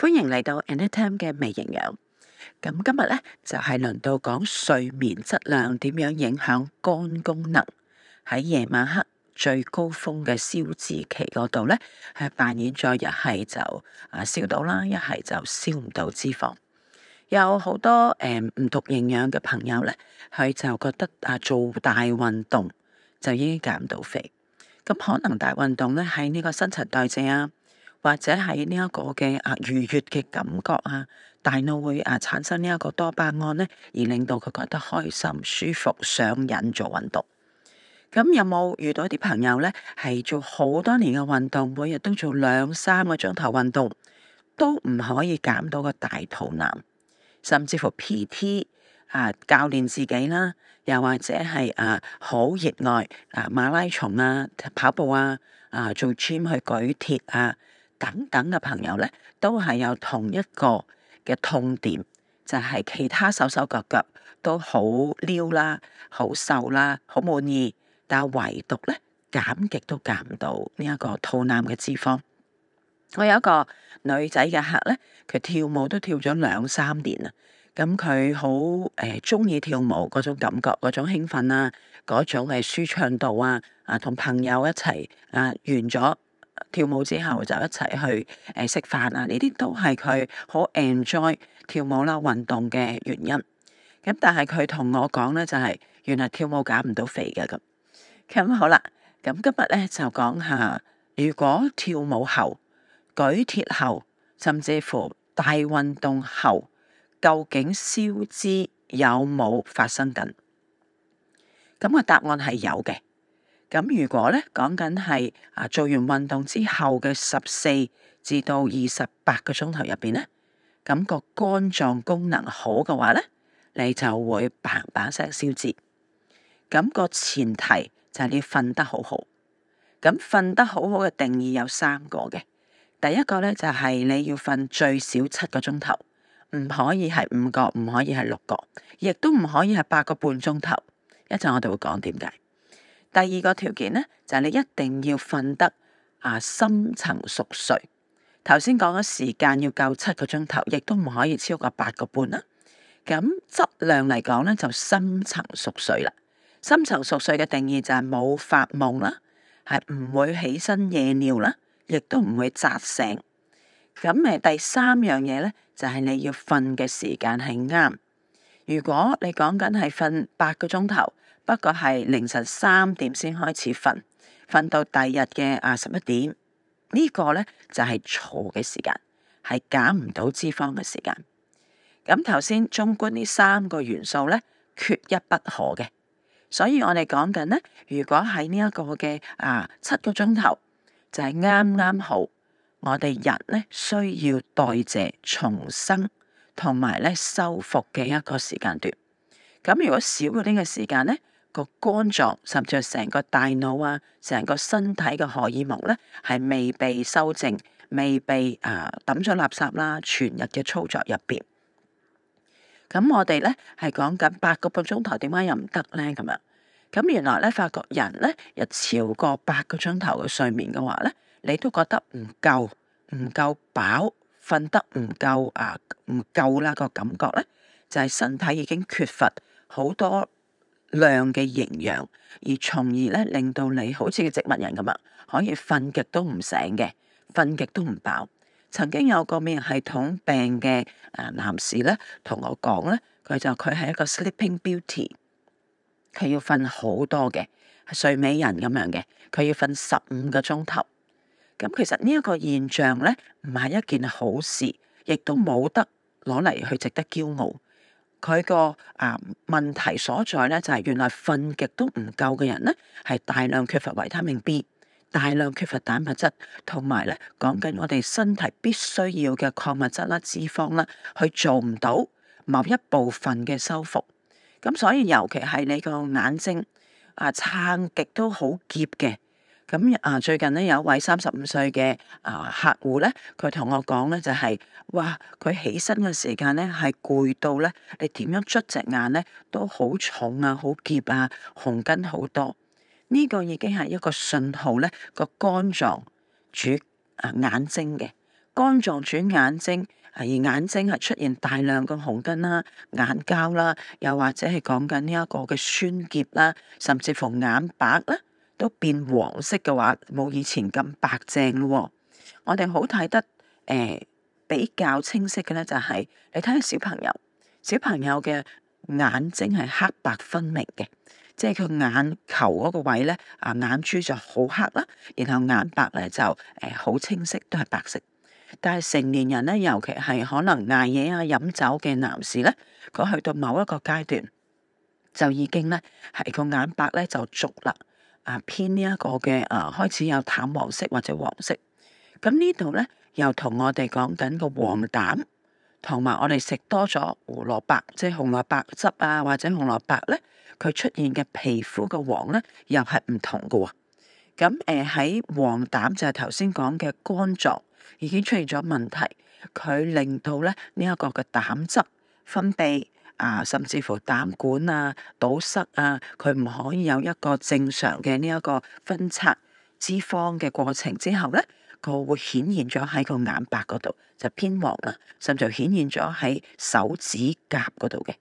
歡迎嚟到 Annette 嘅微營養。咁今日咧就係、是、輪到講睡眠質量點樣影響肝功能。喺夜晚黑最高峰嘅燒脂期嗰度咧，係扮演咗一係就啊燒到啦，一係就燒唔到脂肪。有好多誒唔、呃、讀營養嘅朋友咧，佢就覺得啊做大運動就已經減到肥。咁可能大運動咧喺呢個新陳代謝啊。或者喺呢一個嘅啊愉悅嘅感覺啊，大腦會啊產生呢一個多巴胺咧，而令到佢覺得開心、舒服、上癮，做運動。咁有冇遇到一啲朋友咧，係做好多年嘅運動，每日都做兩三個鐘頭運動，都唔可以減到個大肚腩，甚至乎 PT 啊教練自己啦，又或者係啊好熱愛啊馬拉松啊跑步啊啊做 gym 去舉鐵啊～等等嘅朋友咧，都係有同一個嘅痛點，就係、是、其他手手腳腳都好撩啦、好瘦啦、好滿意，但係唯獨咧減極都減唔到呢一個肚腩嘅脂肪。我有一個女仔嘅客咧，佢跳舞都跳咗兩三年啦，咁佢好誒中意跳舞嗰種感覺、嗰種興奮啊、嗰種係舒暢度啊，啊同朋友一齊啊完咗。跳舞之後就一齊去誒食飯啊！呢啲都係佢好 enjoy 跳舞啦，運動嘅原因。咁但係佢同我講呢，就係原來跳舞減唔到肥嘅咁。咁好啦，咁今日呢就講下，如果跳舞後、舉鐵後，甚至乎大運動後，究竟燒脂有冇發生緊？咁個答案係有嘅。咁如果咧講緊係啊做完運動之後嘅十四至到二十八個鐘頭入邊咧，感覺肝臟功能好嘅話咧，你就會嘭嘭聲消脂。咁個前提就係你要瞓得好好。咁瞓得好好嘅定義有三個嘅，第一個咧就係你要瞓最少七個鐘頭，唔可以係五個，唔可以係六個，亦都唔可以係八個半鐘頭。一陣我哋會講點解。第二個條件咧，就係你一定要瞓得啊深層熟睡。頭先講咗時間要夠七個鐘頭，亦都唔可以超過八個半啦。咁質量嚟講咧，就深層熟睡啦。深層熟睡嘅定義就係冇發夢啦，係唔會起身夜尿啦，亦都唔會扎醒。咁誒，第三樣嘢咧，就係你要瞓嘅時間係啱。如果你講緊係瞓八個鐘頭。不過係凌晨三點先開始瞓，瞓到第二日嘅啊十一點，這個、呢個咧就係錯嘅時間，係減唔到脂肪嘅時間。咁頭先綜觀呢三個元素咧，缺一不可嘅。所以我哋講緊咧，如果喺呢一個嘅啊七個鐘頭就係啱啱好，我哋人咧需要代謝重生同埋咧修復嘅一個時間段。咁如果少咗呢個時間咧？個肝臟甚至乎成個大腦啊，成個身體嘅荷爾蒙咧，係未被修正，未被啊抌咗垃圾啦，全日嘅操作入邊。咁、嗯、我哋咧係講緊八個半鐘頭，點解又唔得咧？咁啊，咁原來咧發覺人咧，一超過八個鐘頭嘅睡眠嘅話咧，你都覺得唔夠，唔夠飽，瞓得唔夠啊，唔夠啦、個感覺咧，就係、是、身體已經缺乏好多。量嘅營養，而從而咧令到你好似個植物人咁啊，可以瞓極都唔醒嘅，瞓極都唔飽。曾經有個免疫系統病嘅啊男士咧，同我講咧，佢就佢係一個 sleeping beauty，佢要瞓好多嘅，係睡美人咁樣嘅，佢要瞓十五個鐘頭。咁其實呢一個現象咧，唔係一件好事，亦都冇得攞嚟去值得驕傲。佢個啊問題所在咧，就係原來瞓極都唔夠嘅人咧，係大量缺乏維他命 B，大量缺乏蛋白質，同埋咧講緊我哋身體必須要嘅礦物質啦、脂肪啦，去做唔到某一部分嘅修復。咁所以尤其係你個眼睛啊撐極都好澀嘅。咁啊，最近咧有一位三十五歲嘅啊客戶咧，佢同我講咧就係話佢起身嘅時間咧係攰到咧，你點樣捽隻眼咧都好重啊、好澀啊、紅筋好多。呢個已經係一個信號咧，個肝臟主啊眼睛嘅肝臟主眼睛，而眼睛係出現大量嘅紅筋啦、眼膠啦，又或者係講緊呢一個嘅酸澀啦，甚至乎眼白啦。都變黃色嘅話，冇以前咁白淨咯。我哋好睇得誒比較清晰嘅咧，就係你睇下小朋友，小朋友嘅眼睛係黑白分明嘅，即係佢眼球嗰個位咧啊眼珠就好黑啦，然後眼白咧就誒好清晰，都係白色。但係成年人咧，尤其係可能捱夜啊、飲酒嘅男士咧，佢去到某一個階段，就已經咧係個眼白咧就濁啦。偏呢一個嘅啊，開始有淡黃色或者黃色，咁呢度咧又同我哋講緊個黃疸，同埋我哋食多咗胡蘿蔔，即係紅蘿蔔汁啊，或者紅蘿蔔咧，佢出現嘅皮膚嘅黃咧又係唔同噶。咁誒喺黃疸就係頭先講嘅肝臟已經出現咗問題，佢令到咧呢一個嘅膽汁分泌，啊，甚至乎膽管啊、堵塞啊，佢唔可以有一個正常嘅呢一個分拆脂肪嘅過程之後咧，佢會顯現咗喺個眼白嗰度就偏黃啦，啊，甚至顯現咗喺手指甲嗰度嘅。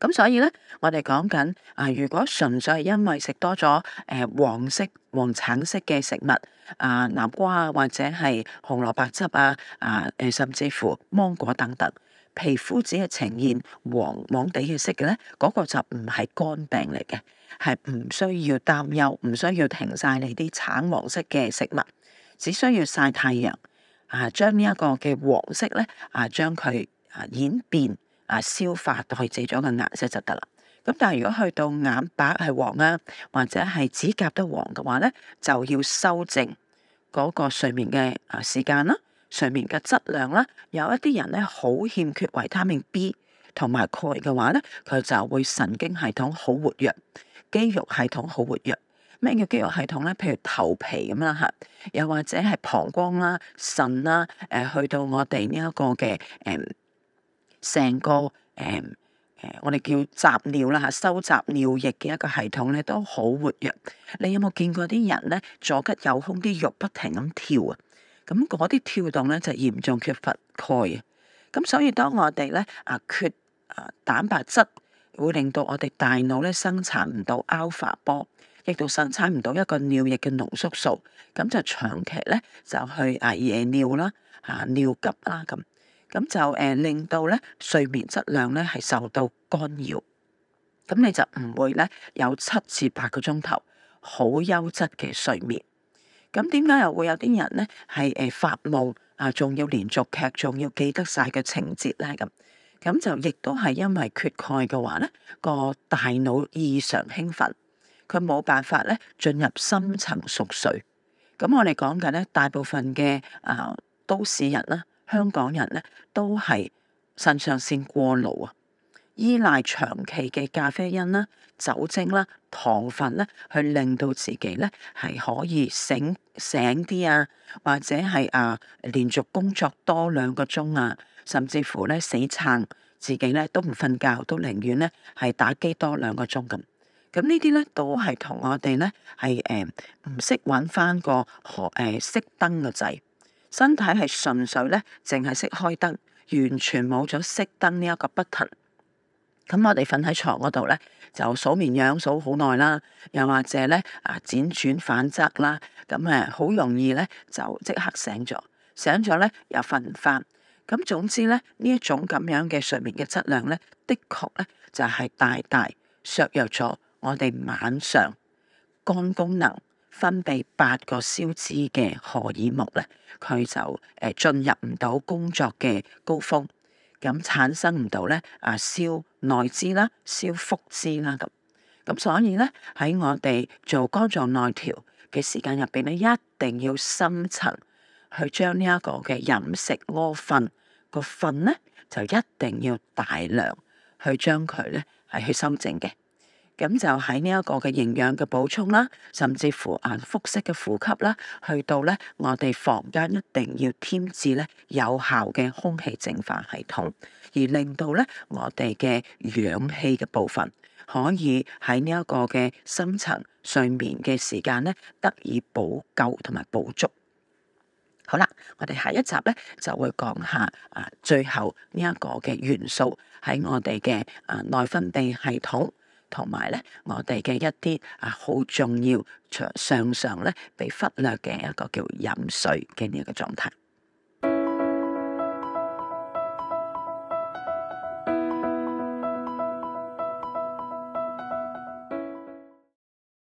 咁所以咧，我哋講緊啊，如果純粹係因為食多咗誒、呃、黃色、黃橙色嘅食物啊，南瓜啊，或者係紅蘿蔔汁啊，啊誒，甚至乎芒果等等。皮膚只係呈現黃黃地嘅色嘅咧，嗰個就唔係肝病嚟嘅，係唔需要擔憂，唔需要停晒你啲橙黃色嘅食物，只需要晒太陽啊，將呢一個嘅黃色咧啊，將佢啊演變啊消化代謝咗嘅顏色就得啦。咁但係如果去到眼白係黃啊，或者係指甲都黃嘅話咧，就要修正嗰個睡眠嘅啊時間啦。上面嘅質量啦，有一啲人咧好欠缺維他命 B 同埋鈣嘅話咧，佢就會神經系統好活躍，肌肉系統好活躍。咩叫肌肉系統咧？譬如頭皮咁啦嚇，又或者係膀胱啦、腎啦，誒、呃、去到我哋呢一個嘅誒成個誒誒、呃呃，我哋叫集尿啦嚇，收集尿液嘅一個系統咧都好活躍。你有冇見過啲人咧左吉右凶啲肉不停咁跳啊？咁嗰啲跳動咧就是、嚴重缺乏鈣啊！咁所以當我哋咧啊缺啊蛋白質，會令到我哋大腦咧生產唔到 alpha 波，亦都生產唔到一個尿液嘅濃縮素，咁就長期咧就去熬夜尿啦，啊尿急啦咁，咁就誒、呃、令到咧睡眠質量咧係受到干擾，咁你就唔會咧有七至八個鐘頭好優質嘅睡眠。咁點解又會有啲人咧係誒發夢啊？仲要連續劇仲要記得晒嘅情節咧？咁咁就亦都係因為缺鈣嘅話咧，個大腦異常興奮，佢冇辦法咧進入深層熟睡。咁我哋講緊咧，大部分嘅啊都市人啦，香港人咧都係腎上腺過勞啊。依賴長期嘅咖啡因啦、酒精啦、糖分咧，去令到自己咧係可以醒醒啲啊，或者係啊連續工作多兩個鐘啊，甚至乎咧死撐自己咧都唔瞓覺，都寧願咧係打機多兩個鐘咁。咁呢啲咧都係同我哋咧係誒唔識搵返個何誒熄燈嘅掣，身體係純粹咧淨係識開燈，完全冇咗熄燈呢一個不停。咁我哋瞓喺床嗰度咧，就數綿羊數好耐啦，又或者咧啊，輾轉反側啦，咁誒好容易咧就即刻醒咗，醒咗咧又瞓唔返。咁總之咧呢一種咁樣嘅睡眠嘅質量咧，的確咧就係大大削弱咗我哋晚上肝功能分泌八個消脂嘅荷爾蒙咧，佢就誒進入唔到工作嘅高峰。咁產生唔到咧，啊燒內脂啦，燒腹脂啦，咁咁所以咧，喺我哋做肝臟內調嘅時間入邊咧，一定要深層去將呢一個嘅飲食屙瞓個瞓咧，就一定要大量去將佢咧係去修整嘅。咁就喺呢一個嘅營養嘅補充啦，甚至乎腹式嘅呼吸啦，去到咧我哋房間一定要添置咧有效嘅空氣淨化系統，而令到咧我哋嘅氧氣嘅部分可以喺呢一個嘅深層睡眠嘅時間咧得以補救同埋補足。好啦，我哋下一集咧就會講下啊最後呢一個嘅元素喺我哋嘅啊內分泌系統。同埋咧，我哋嘅一啲啊好重要常常常咧被忽略嘅一個叫飲水嘅呢一個狀態。